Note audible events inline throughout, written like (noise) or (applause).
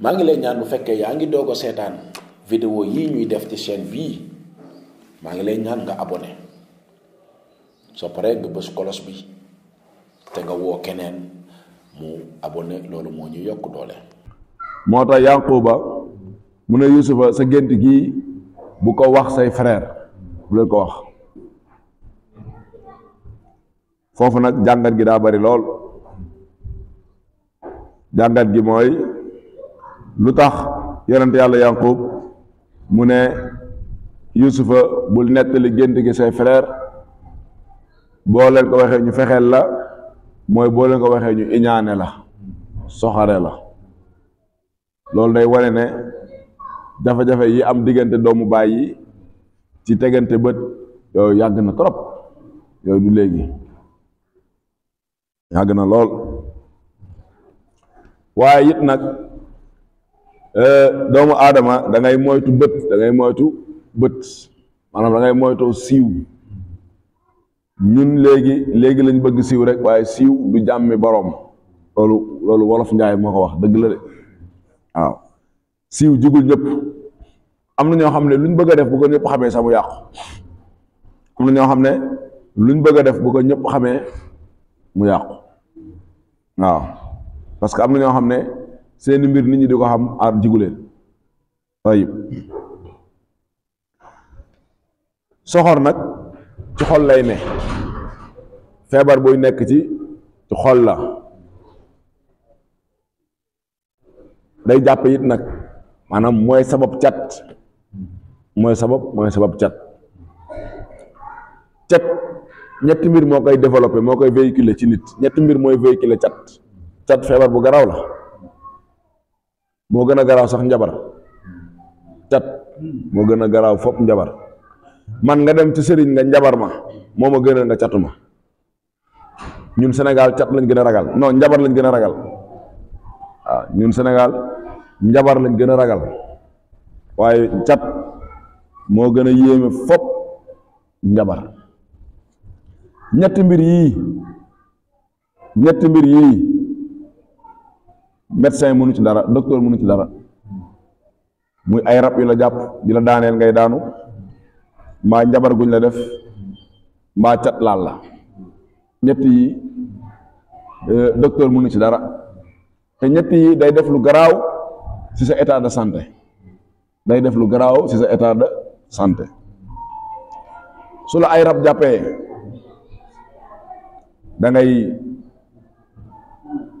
maa ngi lay ñaan bu fekkee yaa ngi doog a seetaan vidéo yi ñuy def ci chaîne bii maa ngi lay ñaan nga abonné nga kolos bi te nga woo keneen mu abonné loolu moo ñu yokk doole moo tax yanquba mu ne yusufa sa gént gii bu ko wax say frère bu leen ko wax foofu nag jàngat gi daa bari lool jàngat gi mooy lu tax yonent yàlla yànqub mu ne yusufa bul nettali gént gi say frère boo leen ko waxee ñu fexeel la mooy boo leen ko waxee ñu iñaane la soxare la loolu day wane ne jafe-jafe yi am diggante doomu baay yi ci tegante bët yooyu yàgg na trop yooyu du léegi yàgg na lool waaye it nag Euh, doomu aadama da ngay moytu bët da moytu bët maanaam da ngay moytoo siiw ñun léegi léegi lañ bëgg siiw rek waaye siiw du jàmmi boroom loolu loolu wolof njaay moo ko wax dëgg la de waaw siiw jugul ñëpp am na ñoo xam ne luñ bëgg a def bu ko ñëpp xamee sax mu yàqu am na ñoo xam ne luñ bëgg a def bu ko ñëpp xamee mu yàqu waaw parce que am na ñoo xam ne seeni mbir nit ñi di ko xam aar jiguleen tayib soxor nag ci xol lay ne feebar buy nekk ci ci xol la day jàpp it nag maanaam mooy sabab cat mooy sabab mooy sabab cat cat ñetti mbir moo koy développé moo koy véhiculer ci nit ñetti mbir mooy véhiculer cat cat feebar bu garaw la moo gën a garaaw sax njabar cat moo gën a garaaw fop njabar man nga dem ci sëriñ nga njabar ma moo ma gënal nga catu ma ñun senegal cat lañ gën a ragal non njabar lañ gën a ragal waaw ah, ñun senegal njabar lañ gën a ragal waaye cat moo gën a yéeme fop njabar ñetti mbir yii ñetti mbir yii médecin mënu ci dara docteur mënu ci dara muy ay rab yu la jàpp di la daaneel ngay daanu mbaa jabar guñ la def mbaa cat laal la ñetti yi e, docteur mënu ci dara te ñett yi day def lu garaaw ci sa état de santé day def lu garaaw ci sa état de santé su la ay rab jàppee da ngay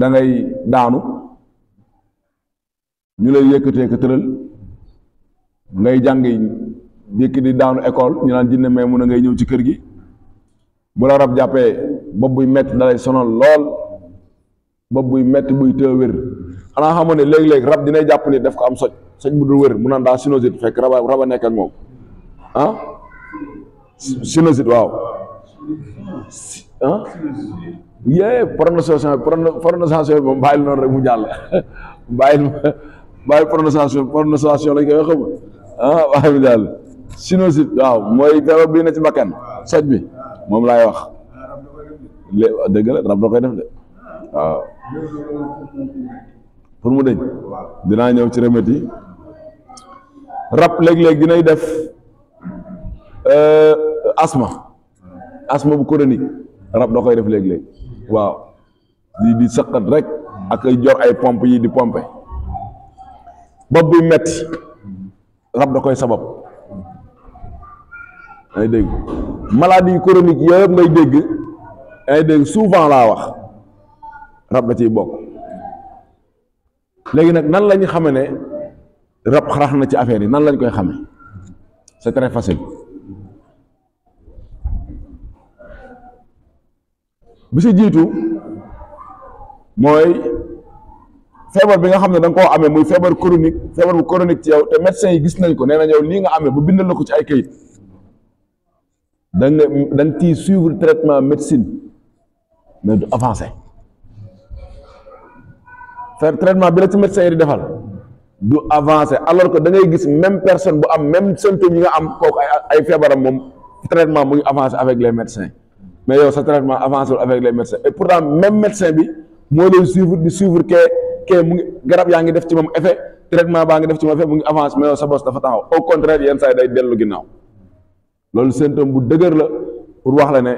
da ngay daanu ñu lay yëkkatee ko tëral ngay jàng yëkk di daanu école ñu naan jinne may mun a ngay ñëw ci kër gi bu la rab jàppee bopp buy metti dalay sono lool bopp buy metti buy tëë wér xanaa xamoon ne léegi léeg rab dinay jàpp ni daf ko am soj soj bu du wér mu naan daa sinusite fekk raba raba nekk ak moom ah sinusite waaw ah yee prononciation prononciation moom bàyyil noonu rek mu jàll (laughs) bàyyil bàyyi prononciation prononciation lañ koy wax xam ah waaye bi daal sinusite waaw mooy garab bii na ci bakkan soj bi moom laay wax lé dëgg la rab da koy def de waaw pour mu dëñ dinaa ñëw ci remède yi rab léeg-léeg dinay def asma euh, asma bu chronique rab da koy def léeg waaw di di sëqat rek ak ay ay pompe yi di pompe bopp buy metti rab da koy sabab ay dégg maladie chronique yëpp ngay dégg ay dégg souvent laa wax rab da ciy bokk léegi nag nan la ñu xame ne rab xarax na ci affaire yi nan lañ koy xame c'est très facile bi si jiitu mooy feebar bi nga xam ne da koo amee muy feebar chronique feebar bu chronique ci yow te médecin yi gis nañ ko nee na yow lii nga amee bu bindal la ko ci ay kayit da nga da suivre traitement médecine mais du avancé faire traitement bi la ci médecin yi di defal du avancé alors que da ngay gis même personne bu am même symptôme mi nga am kooku ay ay feebaram moom traitement mu ngi avancé avec les médecins mais yow sa traitement avancé avec les médecins et même médecin bi moo lay suivre di suivre kee mu ngi garab yaa ngi def ci moom effet directement baa ngi def ci moom effet mu ngi avance mais yow sa bos dafa taxaw au contraire yenn saa day dellu ginnaaw loolu symptôme bu dëgër la pour wax la ne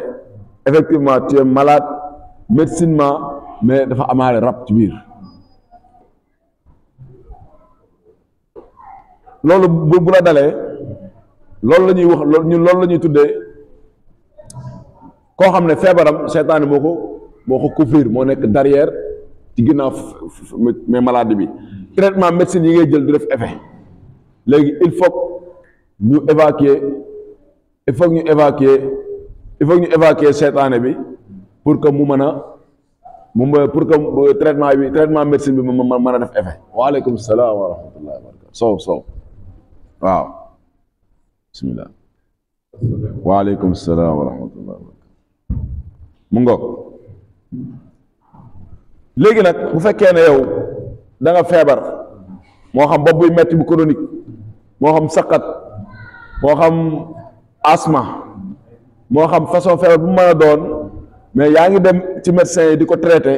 effectivement tu es malade médecinement mais dafa amaale rab ci biir loolu bu bu la dalee loolu la ñuy wax loolu ñun loolu la ñuy tuddee koo xam ne feebaram seytaane moo ko moo ko couvrir moo nekk derrière ci ginnaaw mais maladie bi traitement médecine yi ngay jël du def effet léegi il faut ñu évacuer il faut ñu évacuer il faut ñu évacuer seytaane bi pour que mu mën a mu pour que traitement bi traitement médecine bi mu mën a def effet waaleykum salaam wa rahmatullahi wa barakatu sow sow waaw bismillah waaleykum salaam wa rahmatullahi wa barakatu mu ngoog léegi nag bu fekkee ne yow da nga feebar moo xam bopp buy metti bu chronique moo xam saqat moo xam asma moo xam façon feebar bu mën a doon mais yaa ngi dem ci médecin yi di ko traité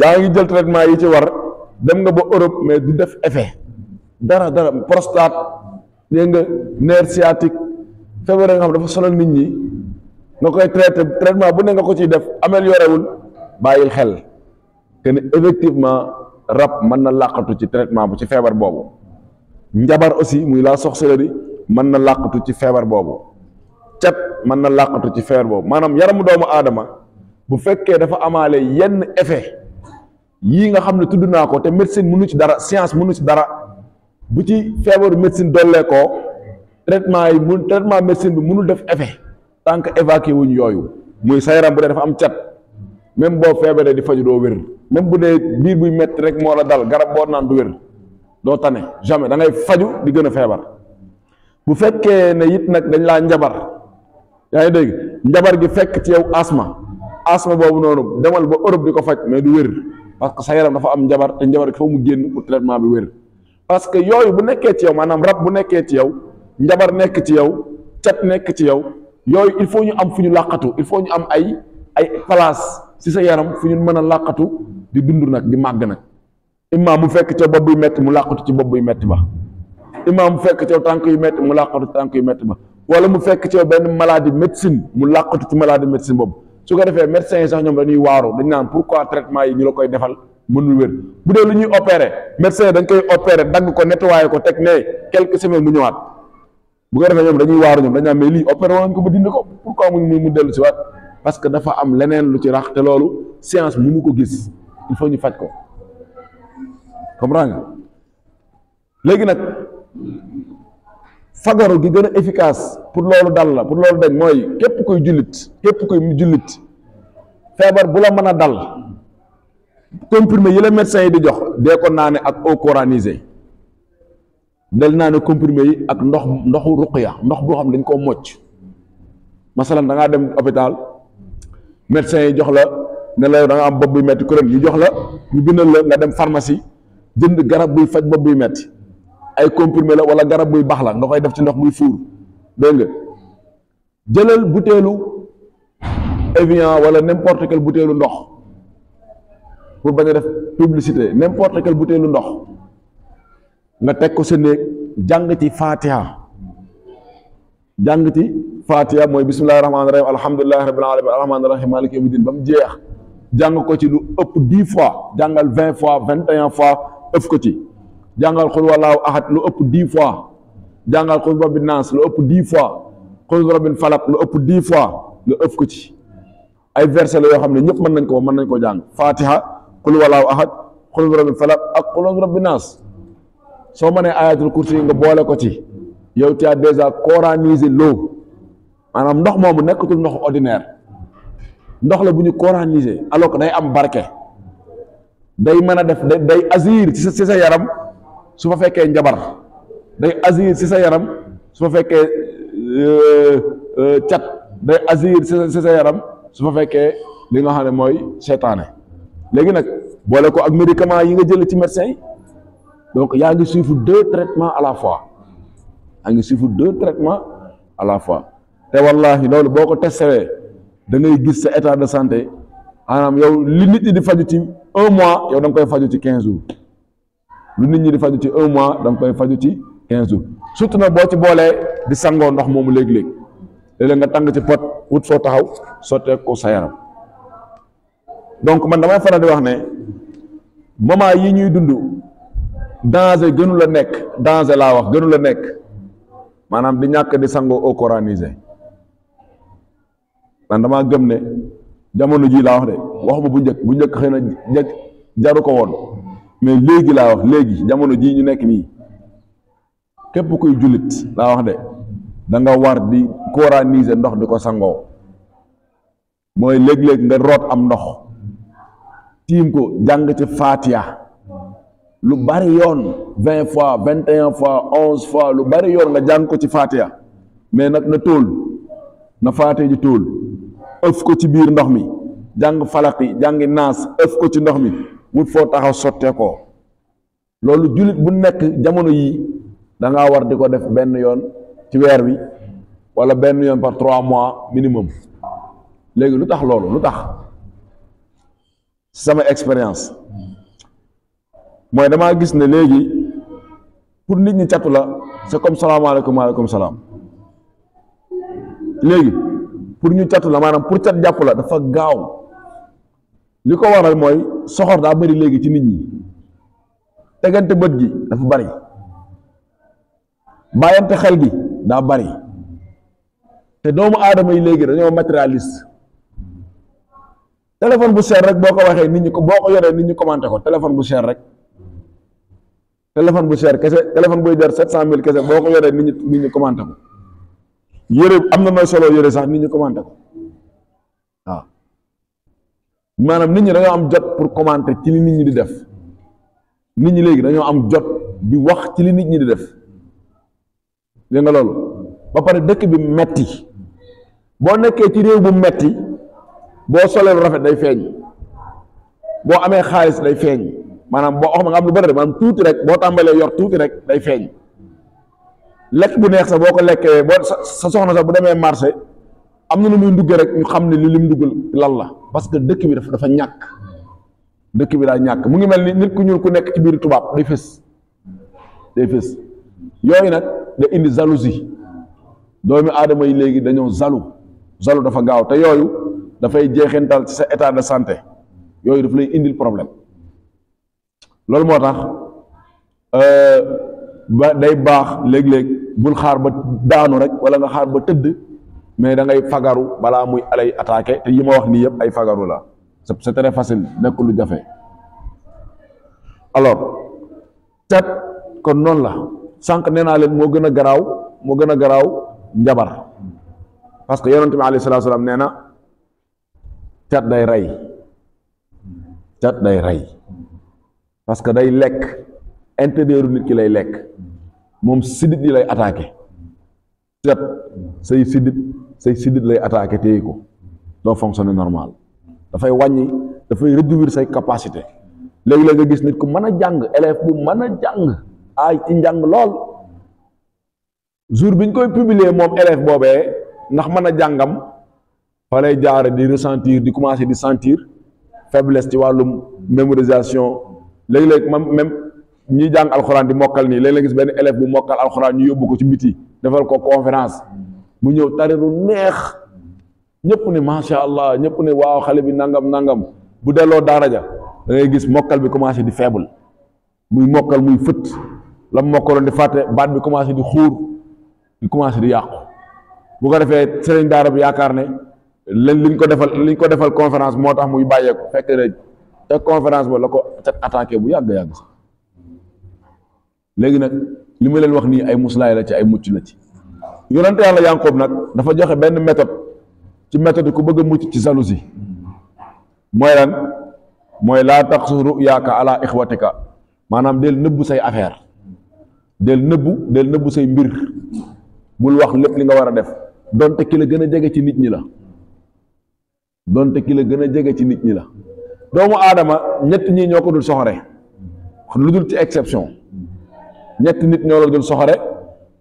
yaa ngi jël traitement yi ci war dem nga ba Europe mais du def effet dara dara prostate dégg nga nerf sciatique feebar nga xam dafa sonal nit ñi nga koy traité traitement bu ne nga ko ciy def amélioré bàyyil xel. que ne effectivement rab mën na làqatu ci traitement bu ci feebar boobu njabar aussi muy la sorcellerie mën na làqatu ci feebar boobu cat mën na làqatu ci feebar boobu maanaam yaramu doomu aadama bu fekkee dafa amaale yenn effet yii nga xam ne tudd naa ko te mu mënu ci dara science mënu ci dara bu ci feebaru médecine dollee ko traitement yi mun traitement médecine bi mënul def effet tant que évacué wuñ yooyu muy sa yaram bu dee dafa am cat même boo feebaree di faju doo wér même bu dee biir buy métti rek moo la dal garab boo naan du wér doo tane jamais da ngay faju di gën a feebar bu fekkee ne it nag dañ laa njabar yaa ngi dégg njabar gi fekk ci yow asma asma boobu noonu demal ba Europe di ko faj mais du wér parce que sa yaram dafa am njabar te njabar gi mu génn pour traitement bi wér parce que yooyu bu nekkee ci yow maanaam rab bu nekkee ci yow njabar nekk ci yow cat nekk ci yow yooyu il faut ñu am fu ñu làqatu il faut ñu am ay ay place si sa yaram fu ñu mën a làqatu di dund nag di màgg nag imma mu fekk ca bopp yu metti mu làqatu ci bopp buy metti ba imma mu fekk ca tànk yu metti mu làqatu ci tànk yu metti ba wala mu fekk ca benn maladie médecine mu làqatu ci maladie médecine boobu su ko defee médecins yi sax ñoom dañuy waaru dañ naan pourquoi traitement yi ñu la koy defal mënul wér bu dee lu ñuy opéré médecin dañ koy opéré dagg ko nettoyé ko teg ne quelques semaines mu ñëwaat bu ko defee ñoom dañuy waaru ñoom dañ naan mais lii opéré woon ko ko pourquoi mu dellu si parce que dafa am leneen lu ci rax te loolu science mu ko gis il ñu faj ko comprends nga léegi nag fagaru gi gën a efficace pour loolu dal la pour loolu dañ mooy képp kuy jullit képp kuy jullit feebar bu la mën a dal comprimer yi la médecin yi di jox dee ko naane ak eau coranisée del naane comprimé yi ak ndox ndoxu ruqya ndox boo xam dañ koo mocc masalan dangaa dem hôpital médecin yi jox la ne la da am bopp bi metti kuréel yi jox la ñu bindal la nga dem pharmacie jënd garab buy faj bopp buy metti ay comprimé la wala garab buy baax la nga koy def ci ndox muy fuur dégg nga jëlal butéelu Evian wala n'importe quel butéelu ndox pour bañ a def publicité n'importe quel butéelu ndox nga teg ko sa néeg jàng ci Fatiha jàng ci fatiha mooy bismillahi rahmaani rahim alhamdulillahi rabbil alamin arrahmaani rahim maliki yawmi din ba mu jeex jàng ko ci lu ëpp dix fois jàngal vingt fois vingt et un fois ëf ko ci jàngal xul wallaahu ahad lu ëpp dix fois jàngal xul rabbin naas lu ëpp dix fois xul rabbin falak lu ëpp dix fois lu ëf ko ci ay verset la yoo xam ne ñëpp mën nañ ko mën nañ ko jàng fatiha xul wallaahu ahad xul rabbin falak ak xul rabbin naas soo mënee ayatul kursi nga boole ko ci yow tu as déjà coranisé loo maanaam ndox moomu nekkatul ndoxu ordinaire ndox la bu ñu coraniser alors que day am barke day mën a def day azir ci sa yaram su fa fekkee njabar day azir ci sa yaram su fekkee euh, euh, cat day azir ci sa yaram su fa fekkee li nga xam ne mooy seetaane léegi nag boole ko ak médicament yi nga jël ci médecin yi donc yaa ngi suivre deux traitements à la fois yaa ngi suivre deux traitement à la fois te wallaahi loolu boo ko testewee da ngay gis sa état de santé maanaam yow li nit ñi di faju ci un mois yow da nga koy faju ci quinze jours lu nit ñi di faju ci un mois da koy faju ci quinze jours surtout nag boo ci boolee di sangoo ndox moomu léeg-léeg léeg nga tàng ci pot wut soo taxaw sottee ko sa yaram donc man damay faral di wax ne moment yi ñuy dund danger gënula nekk danger laa wax gënu la nekk maanaam di ñàkk di sangoo eau coranisée man damaa gëm ne jamono jii laa wax de waxuma bu njëkk bu njëkk xëy na njëkk jaru ko woon mais léegi laa wax léegi jamono jii ñu nekk nii képp kuy jullit laa wax de da nga war di coraniser ndox di ko sangoo mooy léeg-léeg nga root am ndox tiim ko jàng ci faatiya lu bari yoon vingt fois vingt fois onze fois lu bari yoon nga jàng ko ci faatiya mais nag na tóol na faatiya ji tóol ëf ko ci biir ndox mi jàng falaqi jàngi naas ëf ko ci ndox mi wut foo taxaw sottee ko loolu jullit bu nekk jamono yii da ngaa war di ko def benn yoon ci weer wi wala benn yoon par trois mois minimum léegi lu tax loolu lu tax sama expérience mooy damaa gis ne léegi pour nit ñi catu la c'est comme salaamaaleykum maaleykum salaam léegi pour ñu catu la maanaam pour cat jàpp la dafa gaaw li ko waral mooy soxor daa bari léegi ci nit ñi tegante bët gi dafa bari bàyyante xel gi daa bari te doomu aadama yi léegi dañoo matérialiste téléphone bu cher rek boo ko waxee nit ñi ko boo ko yoree nit ñi commenté ko téléphone bu cher rek téléphone bu cher kese téléphone buy jar sept cent mille kese boo ko yoree nit ñi nit ñi ko yére am na may solo yére sax nit ñi commenté ko maanaam nit ñi dañoo am jot pour commenter ci li nit ñi di def nit ñi léegi dañoo am jot di wax ci li nit ñi di def dégg nga loolu ba pare dëkk bi metti boo nekkee ci réew bu metti boo solee lu rafet day feeñ boo amee xaalis day feeñ maanaam boo wax ma nga am lu bari rek maanaam tuuti rek boo tàmbalee yor tuuti rek day feeñ lekk bu neex sa boo ko lekkee boo sa soxna sax bu demee marché am na lu muy ndugg rek ñu xam ne li lim duggal lan la parce que dëkk bi dafa dafa ñàkk dëkk bi daa ñàkk mu ngi mel ni nit ku ñuul ku nekk ci biir tubaab day fës day yooyu nag da indi jalousie doomi aadama yi léegi dañoo jaloux jaloux dafa gaaw te yooyu dafay jeexintal ci sa état de santé yooyu daf lay indil problème loolu moo tax euh, ba day baax léeg-léeg. bul xaar ba daanu rek wala nga xaar ba tëdd mais da ngay fagaru balaa muy alay attaqué te yi ma wax nii yëpp ay fagaru la sa très facile nekk lu jafe alors cat kon noonu la sànq nee naa leen moo gën a garaaw moo gën a garaaw njabar parce que yonent bi alayhi salaatu salaam nee na tet day rey tet day rey parce que day lekk intérieur nit ki lay lekk moom sidit yi lay attaqué set say sidit say sidit lay attaqué téye ko doo fonctionner normal dafay wàññi dafay réduire say capacité léegi-léeg nga gis nit ku mën a jàng élève bu mën a jàng aay ci njàng lool jour bi ñu koy publier moom élève boobee ndax mën a jàngam fa lay jaare di ressentir di commencer di sentir faiblesse ci wàllum mémorisation léegi-léeg même ñi jang alcorane di mokal ni leen la gis ben élève bu mokal alcorane ñu yobbu ko ci biti defal ko conférence mu ñëw tariru neex ni ma sha allah ñepp ni waaw xale bi nangam nangam bu delo dara ja da ngay gis mokal bi commencé di faible muy mokal muy feut lam mokal di faté baat bi commencé di xuur di commencé di yaq bu ko defé serigne dara bi yaakaar ne leen liñ ko defal liñ ko defal conférence motax muy muy ko fekk na conférence bo lako bu yag yag sax léegi nag li ma leen wax nii ay muslaay la ci ay mucc la ci yonent yàlla Yankoob nag dafa joxe benn méthode ci méthode ku bëgg a mucc ci jalousie mooy lan mooy laa tax ruyaaka ala ixwatika maanaam del nëbbu say affaire del nëbbu del nëbbu say mbir bul wax lépp li nga war a def donte ki la gën a jege ci nit ñi la donte ki la gën a jege ci nit ñi la doomu aadama ñett ñii ñoo ko dul soxore lu dul ci exception ñetti nit ñoo la dul soxore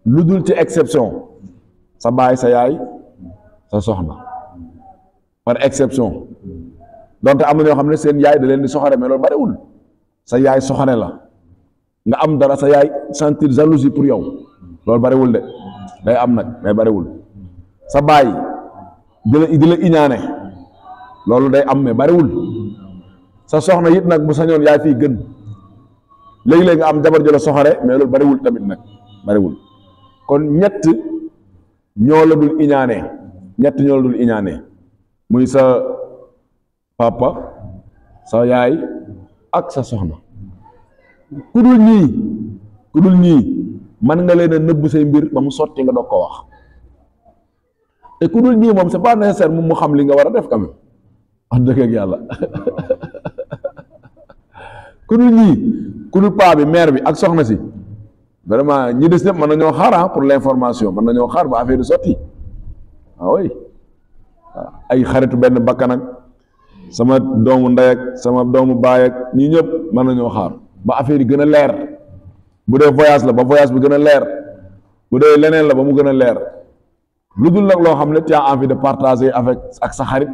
lu dul ci exception sa baay sa yaay sa soxna par exception donte am na ñoo xam ne seen yaay da leen di soxore mais loolu bariwul sa yaay soxore la nga am dara sa yaay sentir jalousie pour yow loolu bariwul de day am nag mais bariwul sa baay di la iñaane loolu day am mais bariwul sa soxna it nag bu sañoon yaay fii gën léegi-léegi nga am jabar ju la soxore mais loolu bariwul tamit nag bariwul kon ñett ñoo la dul iñaane ñett ñoo la dul iñaane muy sa papa sa yaay ak sa soxna ku dul ñii ku dul man nga leen a nëbb say mbir ba mu sotti nga doog ko wax te ku dul ñii moom c'est pas nécessaire moom mu xam li nga war a def quand même wax dëgg ak yàlla (laughs) ku dul ñii kudul pa bi mer bi ak soxna si vraiment ñi dess ne man nañoo xara ah, pour l'information man mën xar ba affaire soti ah oui ah, ay xaritu ben bakkan ak sama doomu nday ak sama doomu baay ak ñi ñep man nañoo xar ba affaire gëna gën leer bu dé voyage la ba voyage bi gëna a leer bu dé leneen la ba mu gëna leer lu dul nag loo tu as envie de partager avec ak sa xarit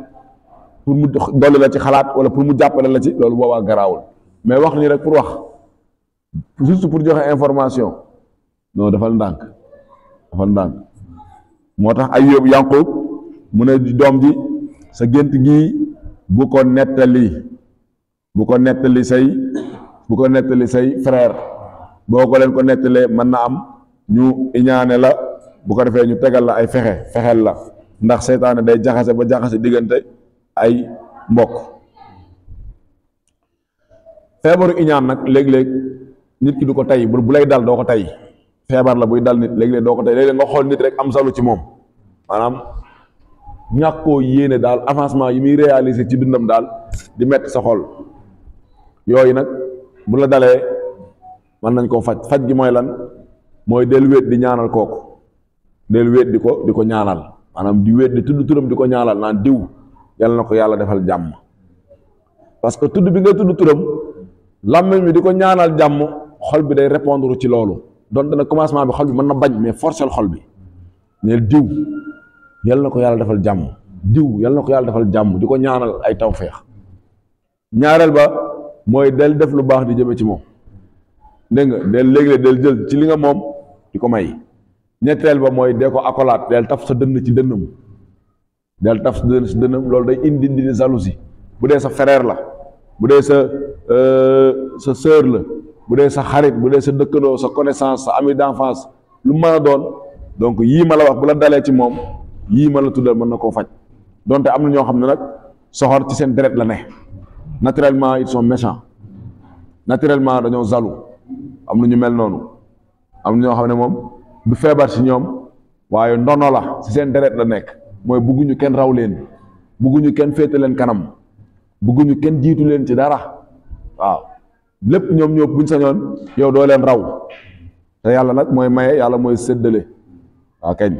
pour mu dolli la ci xalaat wala pour mu jàppale la ci lolou boba grawul mais wax ni rek pour wax. juste pour joxe information non dafal ndànk dafal ndànk moo tax ay Ayub Yanqub mu ne doom ji sa gént gi bu ko nettali bu ko nettali say bu ko nettali say frère boo ko leen ko nettalee mën na am ñu iñaane la bu ko defee ñu tegal la ay fexe fexeel la ndax seytaane day jaxase ba jaxase diggante ay mbokk feebaru iñaan nag léeg-léeg nit ki di ko tay bu lay dal doo ko tay feebar la buy dal nit léeg-léeg doo ko tay léeg-léeg nga xool nit rek am salu ci moom maanaam ñàkk koo yéene daal avancement yi muy réaliser ci dundam daal di metti sa xol yooyu nag bu la dalee mën nañ koo faj faj gi mooy lan mooy del wéet di ñaanal kooku del wéet di ko di ko ñaanal maanaam di wéet di tudd turam di ko ñaanal naan diw yàlla na ko yàlla defal jàmm parce tudd bi nga tudd turam làmmiñ bi di jàmm xol bi day répondre ci loolu donte dana commencement bi xol bi mën na bañ mais forcer xol bi neel diw na ko yàlla defal jàmm diw yal na ko yàlla defal jàmm di ko ñaanal ay tawféex ñaareel ba mooy del def lu baax di jëme ci moom dégg nga del léeg-léeg del jël ci li nga moom di ko may ñetteel ba mooy dee ko akolaat del taf sa dënn ci dënn dënnam del taf sa dënn ci dënnam loolu day indi indi jalousie bu dee sa fereer la bu dee sa euh, sa sœur la bu dee sa xarit bu dee sa dëkkandoo sa connaissance sa ami d'enfance lu man a doon donc yii ma la wax bu la dalee ci moom yii ma la tuddal mën na koo faj donte am na ñoo xam ne nag soxor ci seen deret la ne naturellement ils sont méchants naturellement dañoo zalu am na ñu mel noonu am na ñoo xam ne moom du feebar ci ñoom waaye ndono la ci seen deret la nekk mooy bugguñu kenn raw leen bugguñu kenn féete leen kanam bugguñu kenn jiitu leen ci dara waaw lépp ñoom ñoo buñ sañoon yow doo leen raw te yàlla nag mooy maye yàlla mooy séddale waa kañ